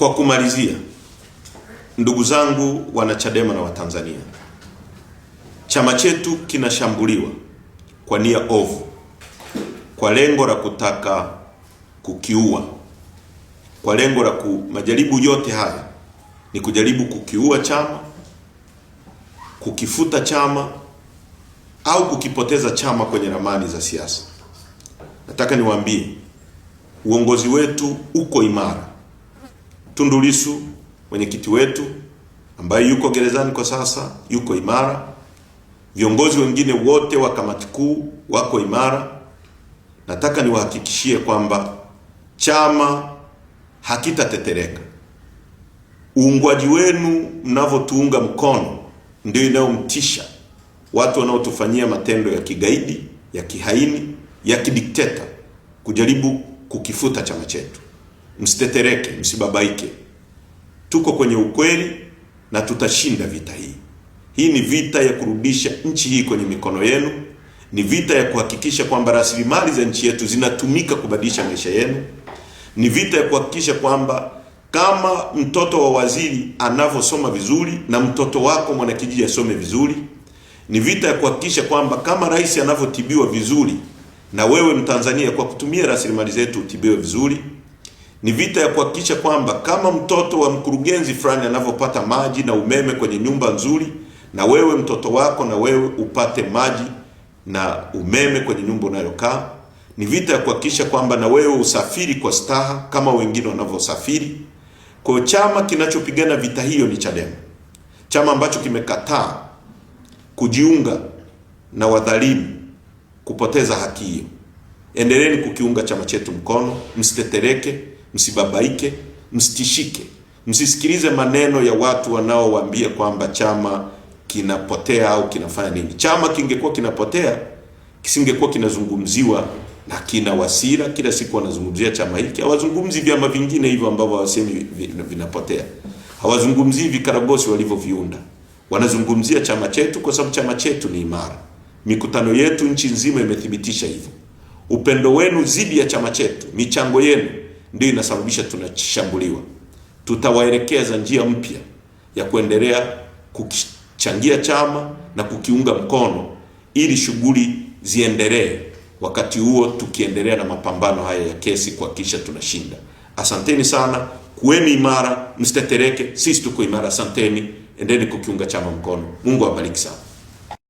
Kwa kumalizia, ndugu zangu wanachadema na Watanzania, chama chetu kinashambuliwa kwa nia ovu, kwa lengo la kutaka kukiua, kwa lengo la ku, majaribu yote haya ni kujaribu kukiua chama, kukifuta chama au kukipoteza chama kwenye ramani za siasa. Nataka niwaambie uongozi wetu uko imara. Tundu Lissu mwenyekiti wetu ambaye yuko gerezani kwa sasa yuko imara, viongozi wengine wote wa kamati kuu wako imara. Nataka niwahakikishie kwamba chama hakitatetereka. Uungwaji wenu mnavyotuunga mkono ndio inayomtisha watu wanaotufanyia matendo ya kigaidi, ya kihaini, ya kidikteta kujaribu kukifuta chama chetu msitetereke, msibabaike. Tuko kwenye ukweli na tutashinda vita hii. Hii ni vita ya kurudisha nchi hii kwenye mikono yenu, ni vita ya kuhakikisha kwamba rasilimali za nchi yetu zinatumika kubadilisha maisha yenu, ni vita ya kuhakikisha kwamba kama mtoto wa waziri anavyosoma vizuri na mtoto wako mwanakijiji asome vizuri. Ni vita ya kuhakikisha kwamba kama rais anavyotibiwa vizuri na wewe Mtanzania kwa kutumia rasilimali zetu utibiwe vizuri ni vita ya kuhakikisha kwamba kama mtoto wa mkurugenzi fulani anavyopata maji na umeme kwenye nyumba nzuri, na wewe mtoto wako na wewe upate maji na umeme kwenye nyumba unayokaa. Ni vita ya kuhakikisha kwamba na wewe usafiri kwa staha kama wengine wanavyosafiri. Kwa chama kinachopigana vita hiyo ni Chadema, chama ambacho kimekataa kujiunga na wadhalimu kupoteza haki hiyo. Endeleeni kukiunga chama chetu mkono, msitetereke msibabaike, msitishike, msisikilize maneno ya watu wanaowaambia kwamba chama kinapotea au kinafanya nini. Chama kingekuwa kinapotea kisingekuwa kinazungumziwa na kina Wasira kila siku wanazungumzia chama hiki, hawazungumzi vyama vingine hivyo ambavyo hawasemi vinapotea, hawazungumzii vikaragosi walivyoviunda, wanazungumzia chama chetu, kwa sababu chama chetu ni imara. Mikutano yetu nchi nzima imethibitisha hivyo. Upendo wenu zidi ya chama chetu, michango yenu ndio inasababisha tunashambuliwa. Tutawaelekeza njia mpya ya kuendelea kukichangia chama na kukiunga mkono ili shughuli ziendelee, wakati huo tukiendelea na mapambano haya ya kesi kuhakikisha tunashinda. Asanteni sana, kuweni imara, msitetereke, sisi tuko imara. Asanteni, endeni kukiunga chama mkono. Mungu awabariki sana.